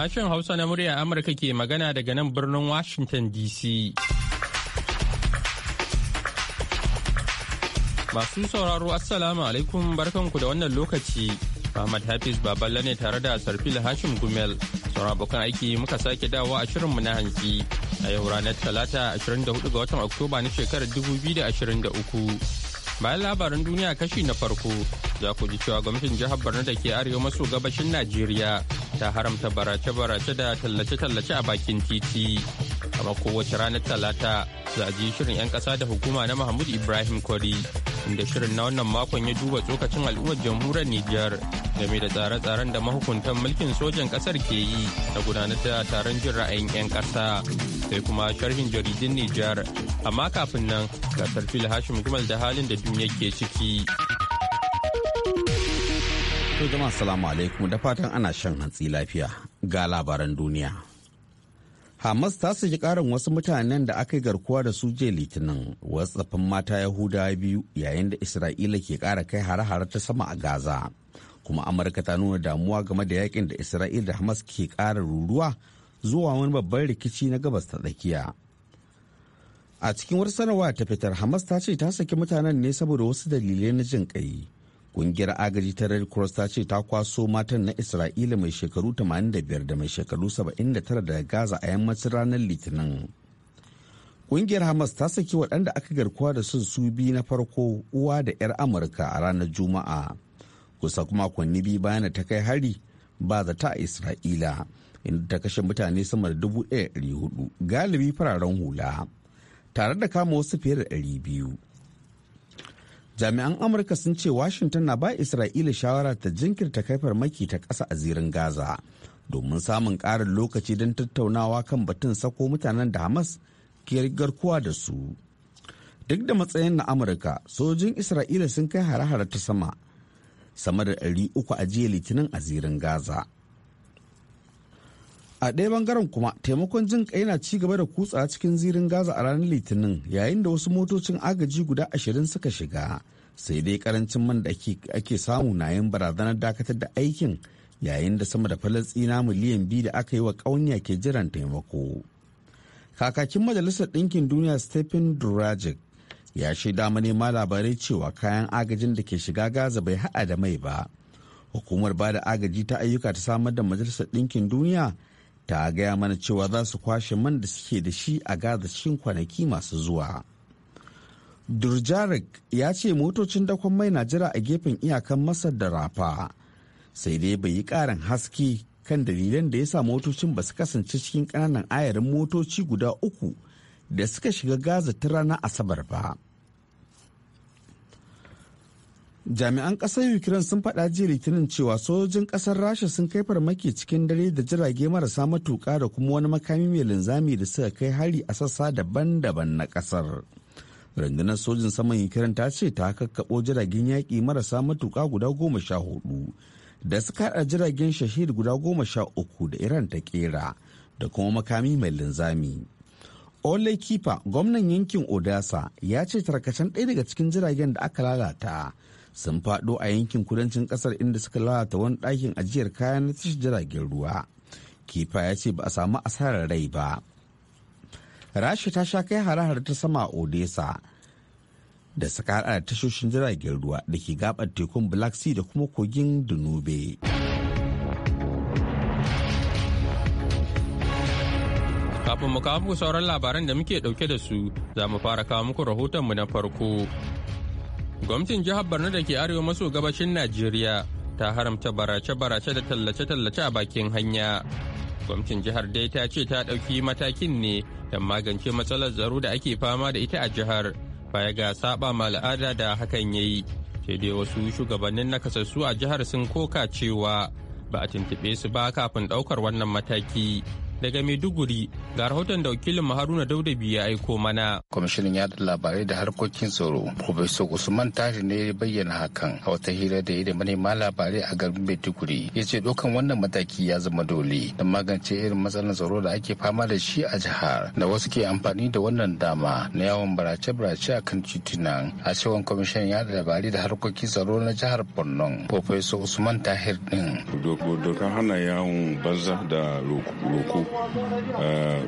Sashen Hausa na murya Amurka ke magana daga nan birnin Washington DC. Masu sauraro Assalamu alaikum barkanku da wannan lokaci. Ahmad Hafiz Baballa ne tare da Sarfil Hashim Gumel. Sauran abokan aiki muka sake dawo a shirinmu na hanci. A yau ranar Talata 24 ga watan Oktoba na shekarar 2023. bayan labaran duniya kashi na farko za ku ji cewa gwamnatin jihar borno da ke arewa maso gabashin najeriya ta haramta barace-barace da tallace-tallace a bakin titi kamar kowace ranar talata za a ji shirin 'yan kasa da hukuma na mahmud ibrahim kwari inda shirin na wannan makon ya duba tsokacin al'ummar jamhuriyar nijar game da tsare-tsaren da mahukuntan mulkin sojan kasar ke yi na gudanar da taron jin ra'ayin 'yan kasa sai kuma sharhin jaridun nijar amma kafin nan gasar fil hashim gumal da halin da duniya ke ciki To jama'a salamu alaikum da fatan ana shan hantsi lafiya ga labaran duniya. Hamas ta saki karin wasu mutanen da aka yi garkuwa da su je litinin wasu mata Yahudawa biyu yayin da Isra'ila ke kara kai hare-hare ta sama a Gaza. Kuma Amurka ta nuna damuwa game da yakin da Isra'ila da Hamas ke kara ruruwa zuwa wani babban rikici na gabas ta tsakiya. A cikin wata sanarwa ta fitar Hamas ta ce ta saki mutanen ne saboda wasu dalilai na jin ƙai. Kungiyar agaji ta Red Cross ta ce ta kwaso matan na Isra'ila mai shekaru 85 da mai shekaru 79 daga Gaza a yammacin ranar Litinin. Kungiyar Hamas ta saki waɗanda aka garkuwa da sun su biyu na farko uwa da 'yar Amurka a ranar Juma'a. Kusa kuma kwanni biyu bayan ta kai hari ba zata a Isra'ila inda ta kashe mutane sama da 1,400 galibi fararen hula tare da kama wasu fiye da biyu. jami'an amurka sun ce washington na ba isra'ila shawara ta jinkirta kai farmaki ta ƙasa a zirin gaza domin samun ƙarin lokaci don tattaunawa kan batun sako mutanen da hamas ke garkuwa da su duk da matsayin na amurka sojin isra'ila sun kai hare-hare ta sama sama da 300 a jiya litinin a zirin gaza a ɗaya bangaren kuma taimakon jin kai na ci gaba da kutsa cikin zirin gaza a ranar litinin yayin da wasu motocin agaji guda ashirin suka shiga sai dai karancin man da ake samu na yin barazanar dakatar da aikin yayin da sama da falastina miliyan biyu da aka yi wa ƙauniya ke jiran taimako kakakin majalisar ɗinkin duniya stephen durajic ya shaida manema labarai cewa kayan agajin da ke shiga gaza bai haɗa da mai ba hukumar ba da agaji ta ayyuka ta samar da majalisar ɗinkin duniya ta gaya mana cewa za su kwashe man da suke da shi a gaza cikin kwanaki masu zuwa durjarik ya ce motocin dakon mai na jira a gefen iyakan masar da rafa sai dai bai yi karin haske kan dalilan da ya sa motocin ba su kasance cikin ƙananan ayarin motoci guda uku da suka shiga gaza ta ranar asabar ba. jami'an ƙasar ukraine sun faɗa jiya litinin cewa sojojin ƙasar rasha sun kai farmaki cikin dare da jirage marasa matuka da kuma wani makami mai linzami da suka kai hari a sassa daban-daban na ƙasar rundunar sojin saman ukraine ta ce ta kakkaɓo jiragen yaƙi marasa matuƙa guda goma sha hudu da suka haɗa jiragen shahid guda goma sha uku da iran ta ƙera da kuma makami mai linzami ole kifa gwamnan yankin Odessa ya ce tarkacen ɗaya daga cikin jiragen da aka lalata sun fado a yankin kudancin kasar inda suka lalata wani ɗakin ajiyar kaya na tashar jiragen ruwa kifa ya ce ba a samu asarar rai ba rasha ta sha kai hare-hare ta sama a odessa da suka hada da tashoshin jiragen ruwa da ke gabar tekun black sea da kuma kogin dunube kafin mu kawo muku sauran labaran da muke dauke da su za mu fara kawo muku rahotonmu na farko Gwamnatin jihar Borno da ke arewa maso gabashin Najeriya ta haramta barace-barace da tallace-tallace a bakin hanya. Gwamnatin jihar dai ta ce ta ɗauki matakin ne don magance matsalar tsaro da ake fama da ita a jihar baya ga saba ma al'ada da hakan ya yi. Sai dai wasu shugabannin nakasassu a jihar sun koka cewa ba a tuntuɓe su ba kafin ɗaukar wannan mataki. daga Maiduguri ga rahoton da wakilin Haruna Daudabi ya aiko mana. Kwamishinan yada labarai da harkokin tsaro, Professor Usman Tari ne ya bayyana hakan a wata hira da ya da manema labarai a garin Maiduguri. Ya ce dokan wannan mataki ya zama dole don magance irin matsalar tsaro da ake fama da shi a jihar da wasu ke amfani da wannan dama na yawon barace-barace a kan titunan. A cewan kwamishinan yada labarai da harkokin tsaro na jihar Borno, Professor Usman Tahir din. Dokan hana yawon banza da roko Eh,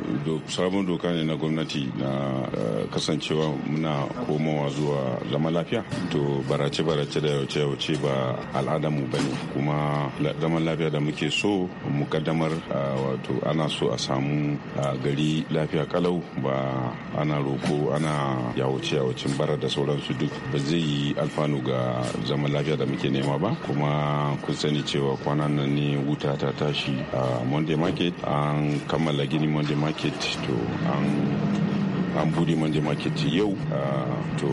sabon doka ne na gwamnati na eh, kasancewa muna komowa zuwa zama lafiya to barace-barace da yauce-yauce ba al'adamu ba ne kuma zaman lafiya da muke so mu kaddamar eh, wato ana so a samu gari lafiya kalau ba ana roko ana yawuce yawucin bara da sauransu duk ba zai yi alfanu ga zaman lafiya da muke nema ba kuma kun sani cewa kwanan nan ne wuta ta tashi a monday market an an kammala gini monday market to an an buɗe monday market yau ah, to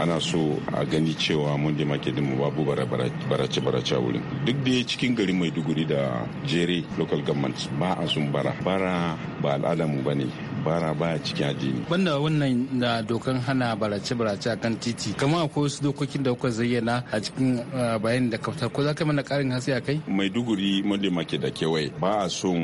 ana so a gani cewa monday market mu babu barace barace a wurin duk da cikin garin maiduguri da jere local government ba a sun bara bara ba al'adamu ba ne bara baya cikin addini banda wannan da dokan hana barace barace a kan titi kamar akwai wasu dokokin da kuka zayyana a cikin uh, bayanin da kafta ko za ka mana karin hasi a kai maiduguri mode make da kewaye ba a son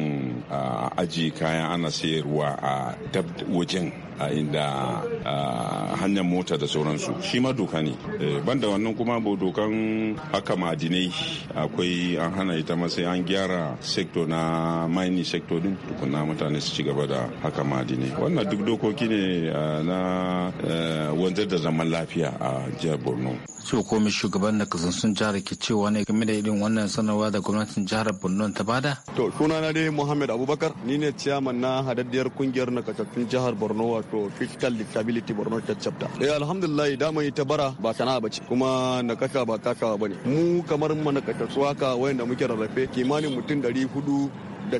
uh, aji kayan ana sayarwa a dab wajen a inda uh, hanyar mota da sauransu shi ma doka ne eh, banda wannan kuma bo dokan haka ma'adinai akwai an hana ita ma sai an gyara sektor na mining sector din tukuna mutane su ci gaba da haka ma'adinai ne wannan duk dokoki ne eh, na eh, wanzar da zaman lafiya a jihar borno su komi shugaban da sun jihar ke cewa ne game da irin wannan sanarwa da gwamnatin jihar borno ta bada to sunana dai muhammad abubakar ni ne ciyaman na hadaddiyar kungiyar nakasassun jihar borno wato fiscal disability borno chapta eh alhamdulillah dama ita bara ba sana'a bace kuma nakasa ba kasawa bane mu kamar mu nakasassu haka wayanda muke rarrafe kimanin mutum 400 da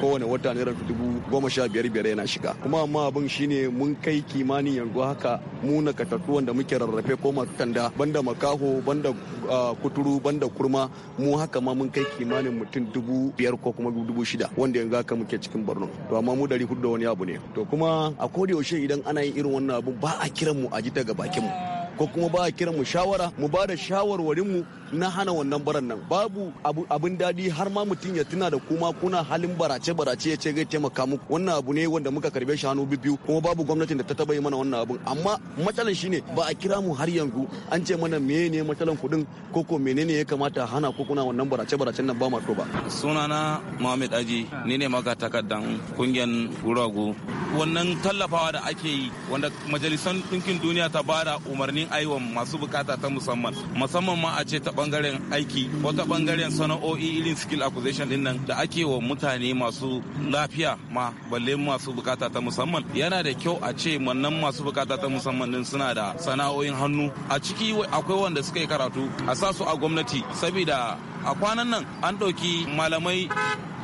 kowane wata naira dubu goma sha biyar biyar yana shiga kuma amma abin shine mun kai kimanin yanzu haka mu na katattu wanda muke rarrafe ko masu tanda banda makaho banda ah, kuturu banda kurma mu haka ma mun kai kimanin mutum dubu biyar ko kuma dubu shida wanda yanzu haka muke cikin borno to amma mu dari hudu da wani abu ne to kuma a koda yaushe idan ana yin irin wannan abu ba a kiran mu a ji daga bakin mu ko kuma ba a kiran mu shawara mu ba da shawarwarin mu na hana wannan baran nan babu abin dadi har ma mutum ya tuna da kuma kuna halin barace barace ya ce zai taimaka mu wannan abu ne wanda muka karbe shi hannu biyu kuma babu gwamnatin da ta taba yi mana wannan abin amma matsalan shine ba a kira mu har yanzu an ce mana menene matsalan kudin ko ko menene ya kamata hana ko kuna wannan barace barace nan ba ma ba sunana Muhammad Aji ni ne maka takaddan kungiyar Guragu wannan tallafawa da ake yi wanda majalisan ɗinkin duniya ta bada umarni domin aiwa masu bukata ta musamman musamman ma a ce ta bangaren aiki ko ta bangaren sana'o'i irin skill acquisition din nan da ake wa mutane masu lafiya ma balle masu bukata ta musamman yana da kyau a ce wannan masu bukata ta musamman din suna da sana'o'in hannu a ciki akwai wanda suka yi karatu a sasu a gwamnati saboda a kwanan nan an ɗauki malamai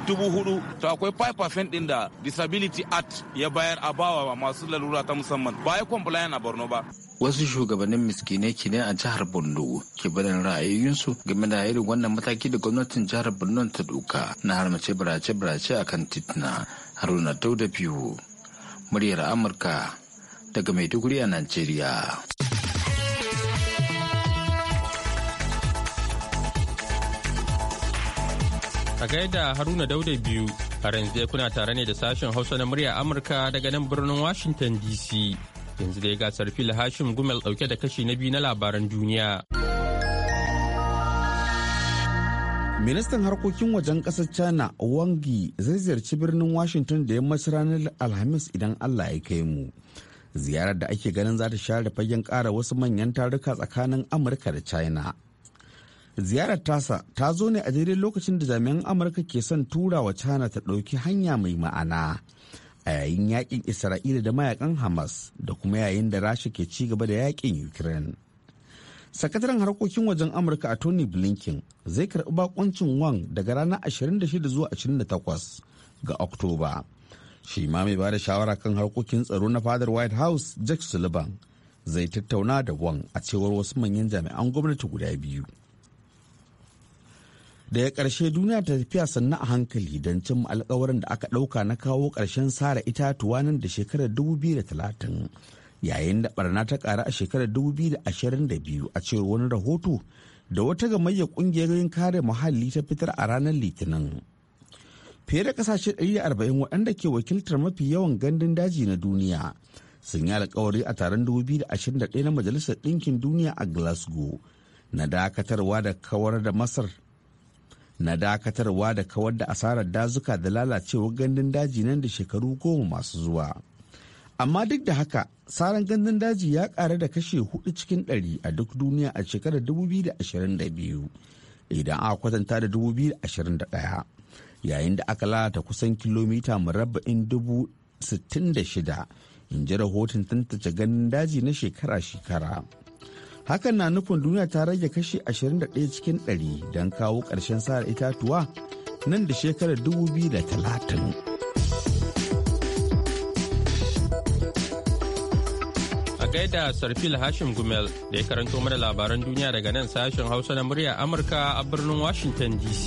dubu hudu to akwai 5% din da disability act ya bayar a bawa masu lalura ta musamman ba ya compliant a borno ba wasu shugabannin miskinai ne a jihar borno ke barin ra'ayoyinsu game da irin wannan mataki da gwamnatin jihar borno ta doka na harmace barace barace a kan titina haruna biyu muryar amurka daga maiduguri a najeriya a gaida Haruna Dauda biyu har yanzu kuna tare ne da sashen Hausa na murya Amurka daga nan birnin Washington DC. Yanzu dai gasar fil Hashim Gumel dauke da kashi na biyu na labaran duniya. Ministan harkokin wajen ƙasar China Wang Yi zai ziyarci birnin Washington da ya masu ranar Alhamis idan Allah ya kai mu. Ziyarar da ake ganin za ta share fagen kara wasu manyan taruka tsakanin Amurka da China. ziyarar tasa ta zo ne a daidai lokacin da jami'an amurka ke son tura wa china ta ɗauki hanya mai ma'ana a yayin yakin isra'ila da mayakan hamas da kuma yayin da rasha ke ci gaba da yakin ukraine sakataren harkokin wajen amurka a tony blinken zai karɓi bakoncin wang daga ranar 26 zuwa 28 ga oktoba shi ma mai bada shawara kan harkokin tsaro na fadar white house jack sullivan zai tattauna da wang a cewar wasu manyan jami'an gwamnati guda biyu daga ƙarshe duniya ta tafiya sannan a hankali don cin alkawarin da aka ɗauka na kawo ƙarshen sare itatuwa nan da shekarar 2030 yayin da barna ta ƙara a shekarar 2022 a cewar wani rahoto da wata gamayyar ƙungiyoyin kare muhalli ta fitar a ranar litinin fiye da ƙasashe 140 waɗanda ke wakiltar mafi yawan gandun daji na duniya sun yi alkawari a taron 2021 na majalisar ɗinkin duniya a glasgow na dakatarwa da kawar da masar na dakatarwa da kawar da asarar dazuka da lalacewar gandun daji nan da shekaru goma masu zuwa. Amma duk da haka, saran gandun daji ya ƙara da kashe hudu cikin ɗari a duk duniya a shekarar 2022 idan aka kwatanta da 2021 yayin da aka lalata kusan kilomita murabba'in dubu 66 in ji rahoton tantance gandun daji na shekara-shekara. hakan na nufin duniya ta rage kashi 21 cikin 100 don kawo ƙarshen sa'ar itatuwa nan da shekarar 2030 a gaida sarfil hashim gumel da ya karanto mana labaran duniya daga nan sashen hausa na murya amurka a birnin washington dc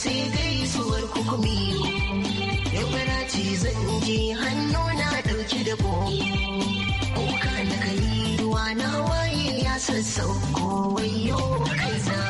sai gaisuwar kukumi yau bara ci zan je hannu na ɗauki da bo kuka na kai ruwa na waye ya sassauko wayo kai na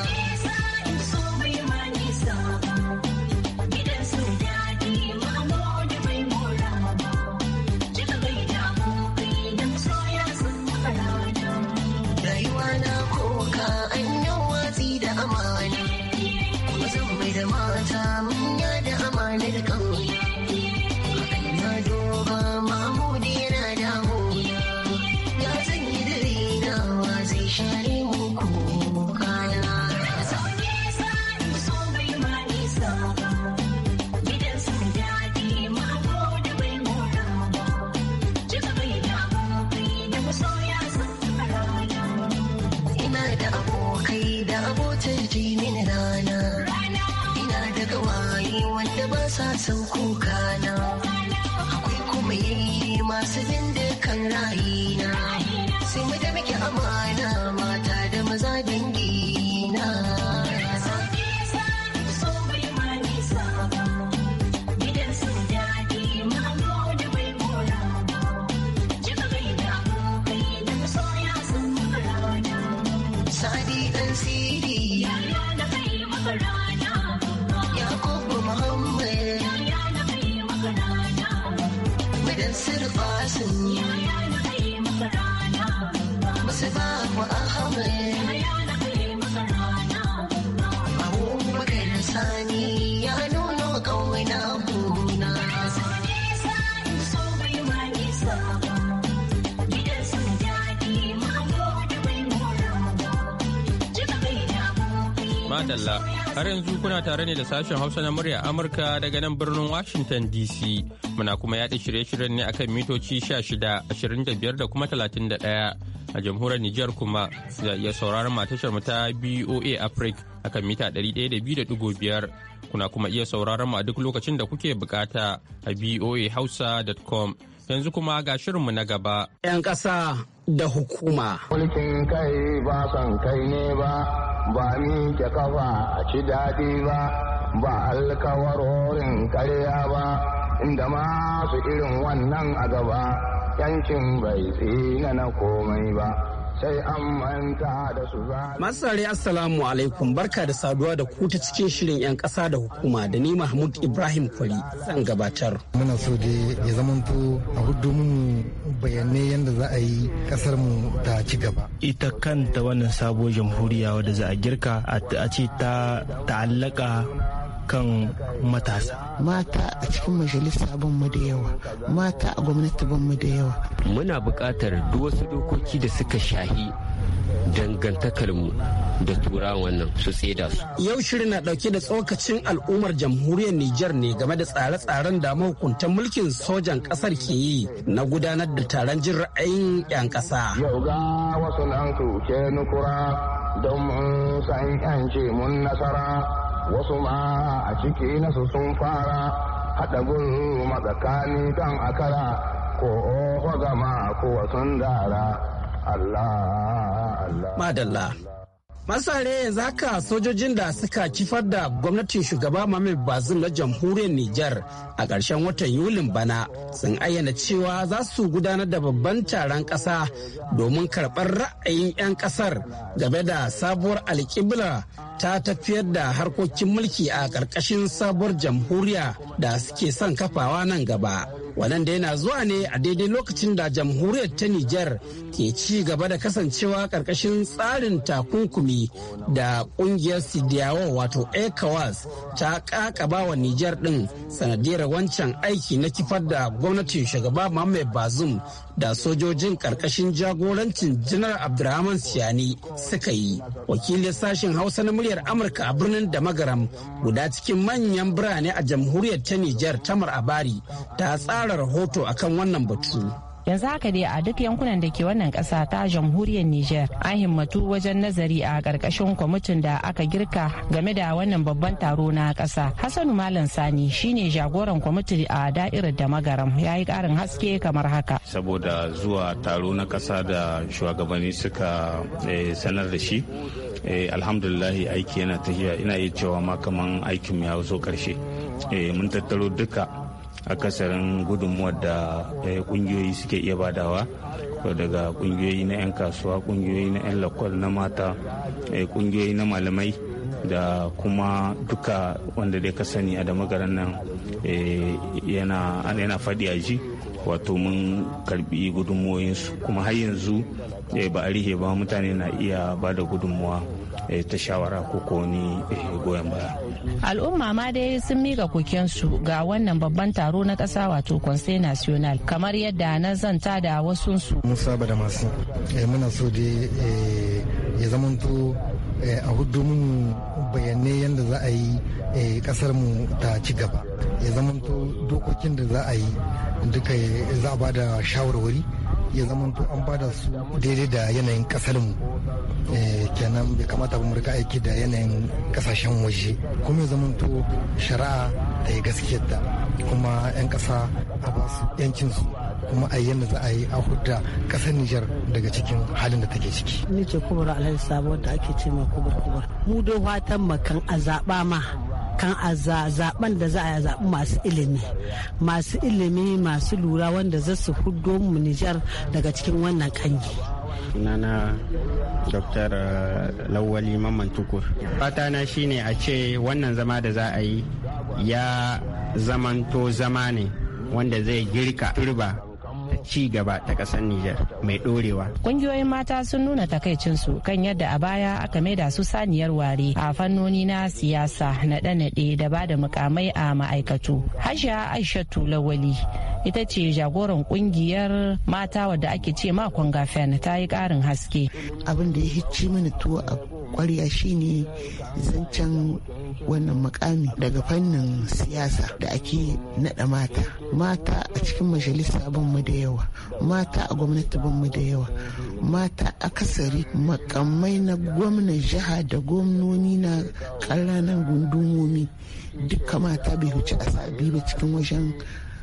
你呢？Dalla. har yanzu kuna tare ne da sashen hausa na murya amurka daga nan birnin washington dc muna kuma yaɗa shirye-shiryen ne akan mitoci 16 25 da kuma 31 a jamhuriyar nijar kuma za iya sauraron matashar ta boa africa akan mita 102.5 kuna kuma iya sauraron mu a duk lokacin da kuke bukata a boahausa.com yanzu kuma ga shirinmu na gaba 'yan ƙasa da hukuma. Mulkin kai ba san kai ne ba, ba ni ke kafa a ci daɗi ba, ba alkawarorin karya ba, inda masu irin wannan a gaba, yankin bai tsina na komai ba. sai an manta da su Masu sare assalamu alaikum barka da saduwa da ku ta cikin shirin 'yan ƙasa da hukuma da ni Mahmud Ibrahim Kwari zan gabatar. Muna so da ya zamanto a hudu mun bayanai yadda za a yi ƙasar mu ta ci gaba. Ita kanta wannan sabuwar jamhuriya wadda za a girka a ce ta ta'allaka kan matasa mata a cikin majalisa ban mu da yawa mata a gwamnati ban mu da yawa muna buƙatar duk wasu dokoki da suka shahi dangantakarmu da tura wannan su tseda su. Yau shirin na ɗauke da tsokacin al'ummar jamhuriyar Nijar ne game da tsare-tsaren da mahukuntan mulkin sojan ƙasar ke yi na gudanar da taron jin ra'ayin 'yan kasa. Yau ga wasu nan su ke nukura don mun san mun nasara. wasu ma a ciki nasu sun fara haɗa gudu matsakani don akara ko oho gama ko sun dara Allah Allah. Madalla Masare yanzu haka sojojin da suka kifar da gwamnatin shugaba Mohamed Bazoum na jamhuriyar Nijar a ƙarshen watan Yulin bana sun ayyana cewa za su gudanar da babban taron ƙasa domin karɓar ra'ayin 'yan ƙasar game da sabuwar alƙibla ta tafiyar da harkokin mulki a ƙarƙashin sabuwar jamhuriya da suke son kafawa nan gaba. Wannan da yana zuwa ne a daidai lokacin da jamhuriyar ta Nijar ke ci gaba da kasancewa karkashin tsarin takunkumi da ƙungiyar Sidiyawa wato ECOWAS ta ƙaƙabawa Nijar ɗin sanadiyar wancan aiki na kifar da gwamnatin shugaba Muhammad Bazoum da sojojin karkashin jagorancin Janar Abdurrahman Siyani suka yi. Wakilin sashen Hausa na muryar Amurka a birnin damagaram guda cikin manyan birane a jamhuriyar ta Nijar Tamar Abari ta tsara ƙara rahoto akan wannan batu. yanzu haka dai a duk yankunan da ke wannan kasa ta jamhuriyar niger an himmatu wajen nazari a ƙarƙashin kwamitin da aka girka game da wannan babban taro na ƙasa hassanu malam sani shine jagoran kwamiti a da'irar da magaram ya yi ƙarin haske kamar haka saboda zuwa taro na ƙasa da shugabanni suka eh, sanar da shi eh, alhamdulillahi aiki yana tafiya ina iya cewa ma kaman aikin ya zo ƙarshe eh, mun tattaro duka akasarin gudunmuwar da eh, kungiyoyi suke iya badawa daga kungiyoyi na 'yan kasuwa kungiyoyi na 'yan lakwal na mata eh, kungiyoyi na malamai da kuma duka wanda dai ka sani a damagaran nan eh, yana faɗi a ji wato mun karbi gudunmuwoyinsu kuma har yanzu ba a rihe ba mutane na iya ba da gudunmuwa Eh, ta shawara ko ko eh, goyon baya. Al'umma ma dai sun miƙa kokensu ga wannan babban taro na ƙasa wato Conseil National kamar yadda na zanta da wasu su. Mun saba da masu eh, muna so dai ya zamanto a hudu mun bayanai yadda za a yi ƙasar mu ta ci gaba ya zamanto dokokin da za a yi duka za a ba da shawarwari ya zamanto an bada su daidai da yanayin kasarmu eh, kenan bai kamata ba mu aiki da yanayin kasashen waje kuma ya zamanto shari'a ta yi gaskiyar da kuma 'yan ƙasa a ba su 'yancinsu kuma a yadda za a yi a hudda kasar Nijar daga cikin halin da take ciki. Ni ce Kubar alhaji Sabuwar da ake ce ma kubur kubur. Mu dai fatan makan a zaɓa ma kan a zaben da za a zaɓi masu ilimi masu ilimi masu lura wanda za su hudo mu nijar daga cikin wannan kanyi sunana dr uh, lawali mamman tukur fata na shine a ce wannan zama da za a yi ya zamanto zama ne wanda zai girka turba ci gaba ta ƙasar Nijar mai ɗorewa. Ƙungiyoyin mata sun nuna takaicinsu kan yadda a baya aka maida su saniyar ware a fannoni na siyasa naɗe-naɗe da ba da mukamai a ma'aikatu. Hasha Aishatu Lawali ita ce jagoran ƙungiyar mata wadda ake ce ma ta yi ƙarin haske. Abin da ya hicci mini tuwo a kwarya shine zancen wannan mukami daga fannin siyasa da ake naɗa mata mata a cikin majalisa ban mu da yawa mata a gwamnati ban mu da yawa mata a akasari makamai na gwamnan jiha da gwamnoni na ƙananan gundumomi duka mata bai huce a sabi ba cikin wajen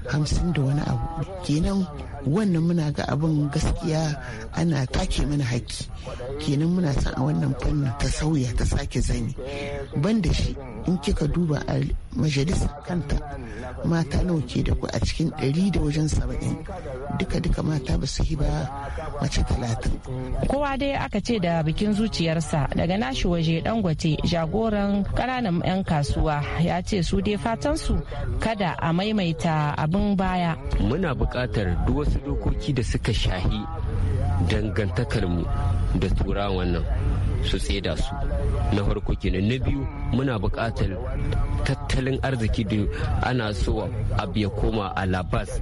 hamsin da wani abu kenan wannan muna ga abin gaskiya ana take mana haƙƙi kenan muna son a wannan fannin ta sauya ta sake zane ban shi in kika duba a majalisar kanta mata nawa ke da ku a cikin ɗari da wajen saba'in duka duka mata ba su yi ba mace talatin. kowa dai aka ce da bikin zuciyarsa daga nashi waje dangote jagoran kananan 'yan kasuwa ya ce su dai fatansu kada a maimaita abin baya muna buƙatar duk wasu dokoki da suka shahi dangantakarmu da turawan nan su tseda su na farko kenan na biyu muna buƙatar tattalin arziki da ana so abu ya koma a labas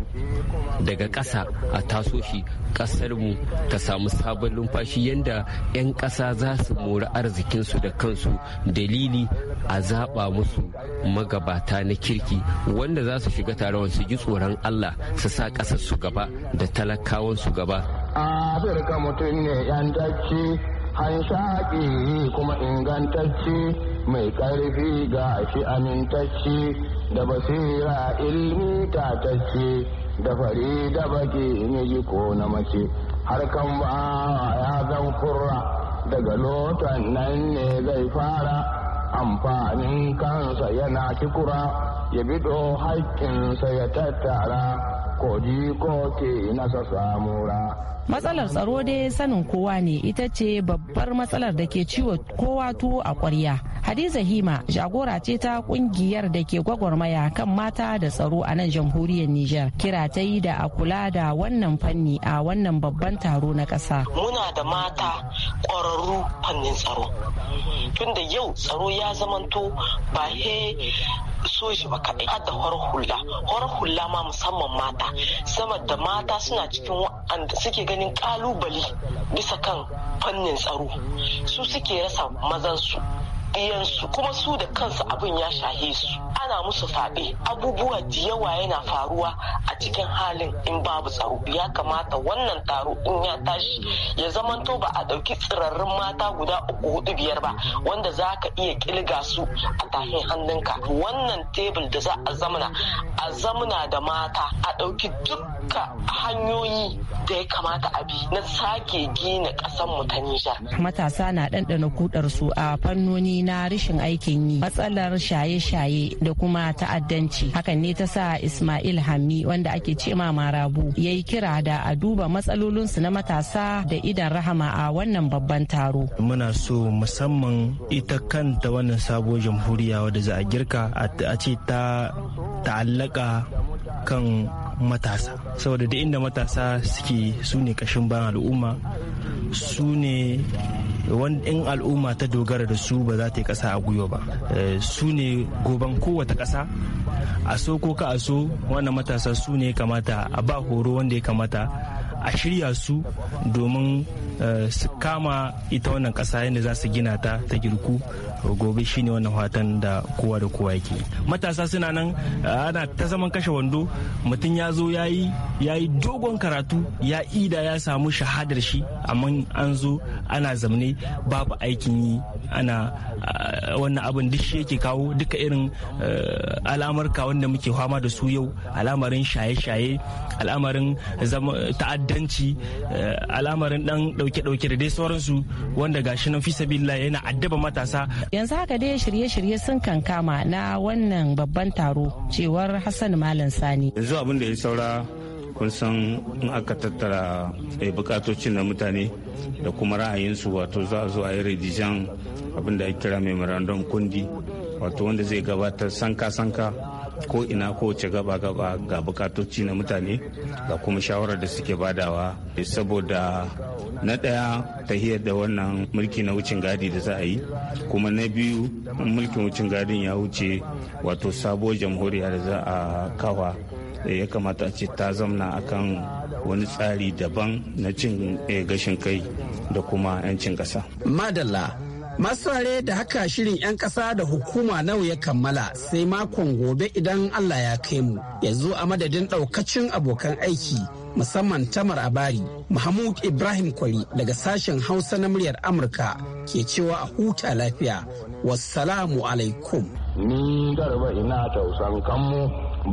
daga ƙasa a taso shi ƙasarmu ta samu sabon numfashi yadda 'yan ƙasa za su mori arzikinsu da kansu dalili a zaɓa musu magabata na kirki wanda za su shiga taron su ji tsoron allah su sa ƙasar su gaba da talakawan su gaba afirka mutum ne yantacci hanshaƙi kuma ingantacci mai ƙarfi ga shi amintacci da basira ilmi tatacci da fari da baki ne ko na mace harkan ba ya zan kurra daga lotan nan ne zai fara amfanin kansa yana kikura ya bido haƙƙinsa ya tattara koji ko ke samura matsalar tsaro dai sanin kowa ne ita ce babbar matsalar da ke ciwo kowa tuwo a kwarya hadiza hima jagora ce ta kungiyar da ke gwagwarmaya kan mata da tsaro a nan jamhuriyar niger kira ta yi da a kula da wannan fanni a wannan babban taro na kasa. muna da mata ƙwararru fannin tsaro tunda yau tsaro ya zamanto ba shi ba kaɗai har hula hula ma musamman mata sama da mata suna cikin wa'anda suke ganin kalubale bisa kan fannin tsaro su suke rasa mazansu ɗiyansu kuma su da kansu abin ya shahe su ana musu faɗe abubuwa da yawa yana faruwa a cikin halin in babu tsaro ya kamata wannan taro in ya tashi ya zamanto ba a ɗauki tsirarrun mata guda uku hudu biyar ba wanda za ka iya kilga su a tahin hannunka wannan tebul da za a zamana a zamana da mata a ɗauki duk duka hanyoyi da ya kamata a bi na sake gina ƙasar mu ta Nijar. Matasa na ɗanɗana kudar su a fannoni na rashin aikin yi, matsalar shaye-shaye da kuma ta'addanci. Hakan ne ta sa Ismail hami wanda ake ce ma Marabu ya yi kira da a duba matsalolinsu na matasa da idan rahama a wannan babban taro. Muna so musamman ita kanta wannan sabuwar jamhuriya wadda za a girka a ce ta ta'allaka kan matasa saboda da inda matasa suke su ne kashin bayan al'umma su ne in al'umma ta dogara da su ba za ta yi kasa a gwiwa ba eh, su ne goban kowace kasa a so ko ka a so wannan matasa su ne kamata a ba horo wanda ya kamata a shirya su domin eh, su kama ita wannan ƙasa yadda za su gina ta ta girku gobe shine wannan fatan da kowa da kowa yake matasa suna nan eh, ana ta zaman kashe wando mutum ya zo ya yi dogon karatu ya ida ya samu shahadar shi amma an zo ana zamne babu aikin yi ana eh, wannan abin duk shi yake kawo duka irin al'amarka wanda muke fama da su yau al'amarin shaye-shaye al'amarin ta'adda ta'addanci eh, al'amarin dan dauke-dauke da dai sauransu wanda gashi nan fisabila yana addaba matasa yanzu haka dai shirye-shirye sun kankama na wannan babban taro cewar hassan malam sani yanzu abin da ya saura kun san in aka tattara eh, bukatocin na mutane da kuma ra'ayinsu wato za a zo a yi redijan abin da ake kira memorandum kundi wato wanda zai gabatar sanka-sanka ko ina ko gaba-gaba ga bukatoci na mutane ga kuma shawarar da suke badawa saboda na ɗaya tahiyar da wannan mulki na wucin gadi da za a yi kuma na biyu mulkin wucin gadin ya wuce wato sabuwar jamhuriya da za a kawa eh, ya kamata a ce ta zamna akan wani tsari daban na cin eh, gashin kai da kuma 'yancin ƙasa. madalla Masu da haka shirin 'yan ƙasa da hukuma nawa ya kammala sai makon gobe idan Allah ya kai mu. Yanzu a madadin ɗaukacin abokan aiki musamman Tamar Abari, Mahmud Ibrahim Kwari daga sashen Hausa na muryar Amurka ke cewa a huta lafiya. Wassalamu alaikum. Ni garba ina tausan kanmu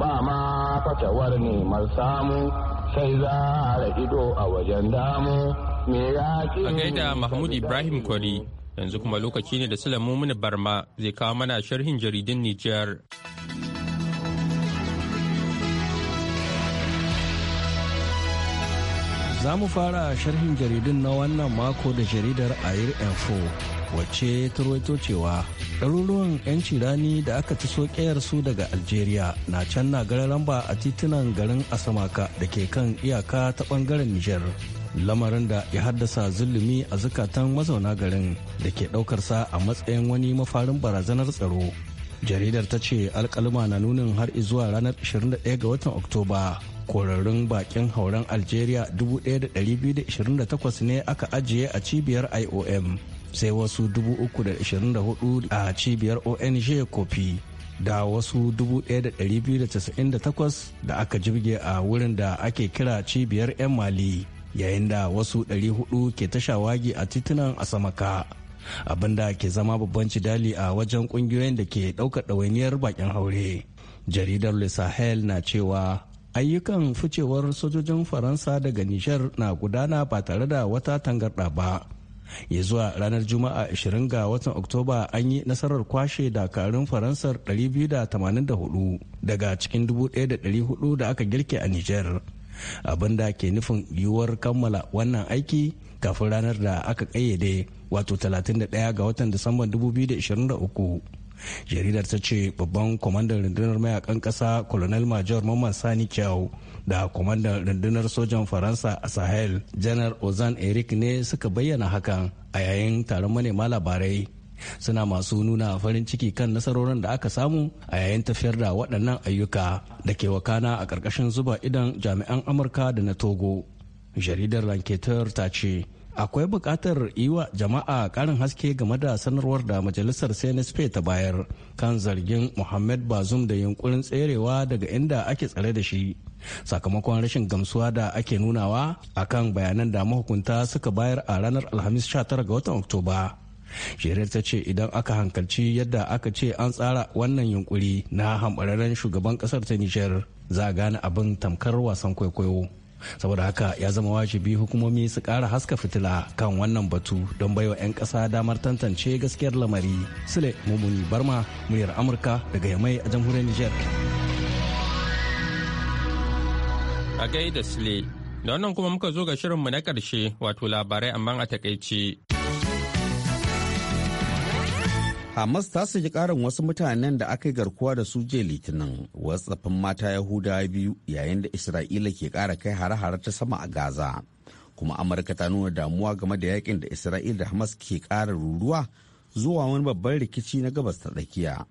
ba ma fatawar neman samu sai za a ido a wajen damu. A gaida Mahmud Ibrahim Kwari. yanzu kuma lokaci ne da Sulaimu Mumuni Barma zai kawo mana sharhin jaridun Nijar. Za mu fara sharhin jaridun na wannan mako da jaridar Air Info wacce ta rawaito cewa ɗaruruwan 'yanci rani da aka ci su daga Algeria na can na gararan lamba a titunan garin Asamaka da ke kan iyaka ta ɓangaren Nijar. lamarin da ya haddasa zulumi a zukatan mazauna garin da ke ɗaukarsa a matsayin wani mafarin barazanar tsaro jaridar ta ce alkalima na nunin har zuwa ranar 21 ga watan oktoba korarrun bakin hauren algeria 1228 ne aka ajiye a cibiyar iom sai wasu 324 a cibiyar ong kofi da wasu 1298 da aka jirge a wurin da ake kira cibiyar 'yan mali yayin da wasu 400 ke ta shawagi a titunan asamaka da ke zama babban cidali a wajen kungiyoyin da ke dauka ɗawainiyar bakin haure jaridar le sahel na cewa ayyukan ficewar sojojin faransa daga nishar na gudana ba tare da wata tangarɗa ba ya zuwa ranar juma'a 20 ga watan oktoba an yi nasarar kwashe dakarun faransar 284 daga cikin 1400 da aka girke a nijar abin da ke nufin yiwuwar kammala wannan aiki kafin ranar da aka kayyade wato 31 ga watan disamban 2023 jaridar ta ce babban kwamandan rundunar mayakan ƙasa colonel major mamman sani kyau da kwamandan rundunar sojan faransa a sahel janar ozan eric ne suka bayyana hakan a yayin taron manema labarai suna masu nuna farin ciki kan nasarorin da aka samu a yayin tafiyar da waɗannan ayyuka da ke wakana a ƙarƙashin zuba idan jami'an amurka da na togo jaridar lanketer ta ce akwai buƙatar yi wa jama'a ƙarin haske game da sanarwar da majalisar cnsp ta bayar kan zargin muhammad bazum da yunkurin tserewa daga inda ake tsare da shi sakamakon rashin gamsuwa da ake nunawa akan bayanan da mahukunta suka bayar a ranar alhamis 19 ga watan oktoba shirar ta ce idan aka hankalci yadda aka ce an tsara wannan yunkuri na hambararren shugaban kasar ta nishar za a gane abin tamkar wasan kwaikwayo saboda haka ya zama wajibi hukumomi su kara haska fitila kan wannan batu don baiwa 'yan ƙasa damar tantance gaskiyar lamari sule mummuni barma muryar amurka daga yamai a jamhuriyar niger a gaida sule da wannan kuma muka zo ga shirinmu na karshe wato labarai amma a takaici Hamas ta saki karin wasu mutanen da aka yi garkuwa da su je litinin wasu mata Yahudawa biyu yayin da Isra'ila ke kara kai hare-hare ta sama a Gaza. Kuma Amurka ta nuna damuwa game da yakin da Isra'ila da Hamas ke kara ruruwa zuwa wani babban rikici na gabas ta tsakiya.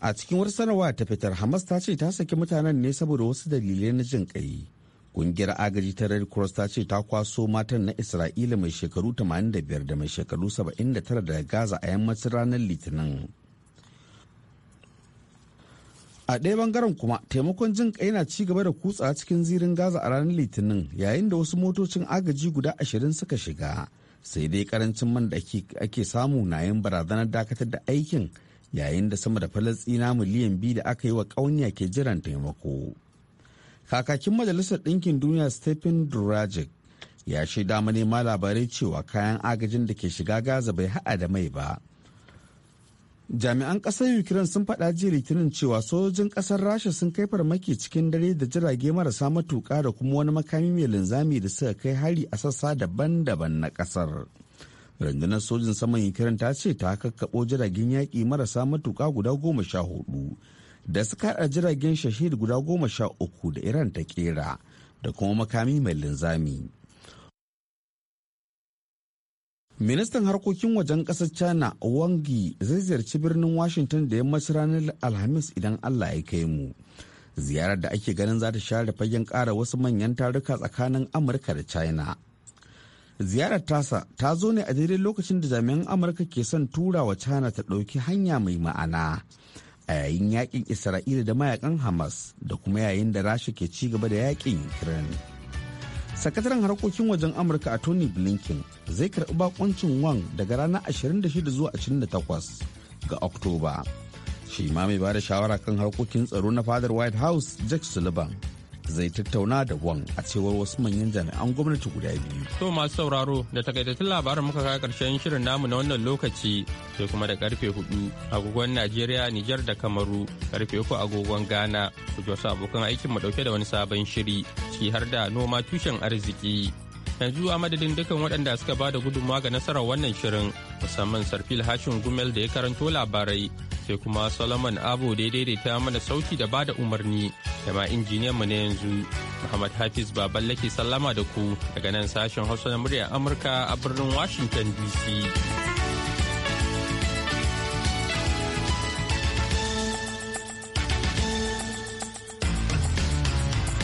A cikin wata sanarwa ta fitar Hamas ta ce ta saki mutanen ne saboda wasu dalilai na jin ƙai. Kungiyar agaji ta Red Cross ta ce ta kwaso matan na Isra'ila mai shekaru 85 da mai shekaru 79 daga Gaza a yammacin ranar Litinin. A ɗaya bangaren kuma taimakon jin kai na ci gaba da kutsa cikin zirin Gaza a ranar Litinin yayin da wasu motocin agaji guda 20 suka shiga. Sai dai karancin man da ake samu na yin barazanar dakatar da aikin yayin da sama da Falasɗina miliyan biyu da aka yi wa ƙauniya ke jiran taimako. kakakin majalisar ɗinkin duniya stephen durajic ya shaida manema labarai cewa kayan agajin da ke shiga gaza bai haɗa da mai ba jami'an ƙasar ukraine sun faɗa jiya litinin cewa sojojin ƙasar rasha sun kai farmaki cikin dare da jirage marasa matuƙa da kuma wani makami mai linzami da suka kai hari a sassa daban-daban na ƙasar rundunar sojin saman ukraine ta ce ta kakkaɓo jiragen yaƙi marasa matuƙa guda goma sha hudu da suka a jiragen shahid guda goma sha uku da iran ta kera da kuma makami mai linzami ministan harkokin wajen ƙasar china wangi zai ziyarci birnin washington da yammacin ranar alhamis idan allah ya kai mu ziyarar da ake ganin za ta share fagen kara wasu manyan taruka tsakanin amurka da china ziyarar tasa ta zo ne a daidai lokacin da jami'an amurka ke son tura wa china ta ɗauki hanya mai ma'ana a yayin yakin isra'ila da mayakan hamas da kuma yayin da rasha ke ci gaba da yakin ukraine sakataren harkokin wajen amurka a tony blinken zai karɓi bakoncin wang daga ranar 26 zuwa 28 ga oktoba shi ma mai bada shawara kan harkokin tsaro na fadar white house jack sullivan zai tattauna da Wang a cewar wasu manyan jami'an gwamnati guda biyu. To masu sauraro da takaitattun labarin muka kawo karshen shirin namu na wannan lokaci sai kuma da karfe hudu agogon Najeriya, Nijar da Kamaru, karfe uku agogon Ghana. Ku ji wasu abokan aikin mu dauke da wani sabon shiri ciki har da noma tushen arziki. yanzu a madadin dukkan waɗanda suka ba da gudunmawa ga nasarar wannan shirin musamman sarfil hashin gumel da ya karanto labarai sai kuma Solomon Abu da ta mana sauki da bada umarni da ma injiniyan mu na yanzu Muhammad Hafiz Baballe ke sallama da ku daga nan sashen Hausa na muryar Amurka a birnin Washington DC.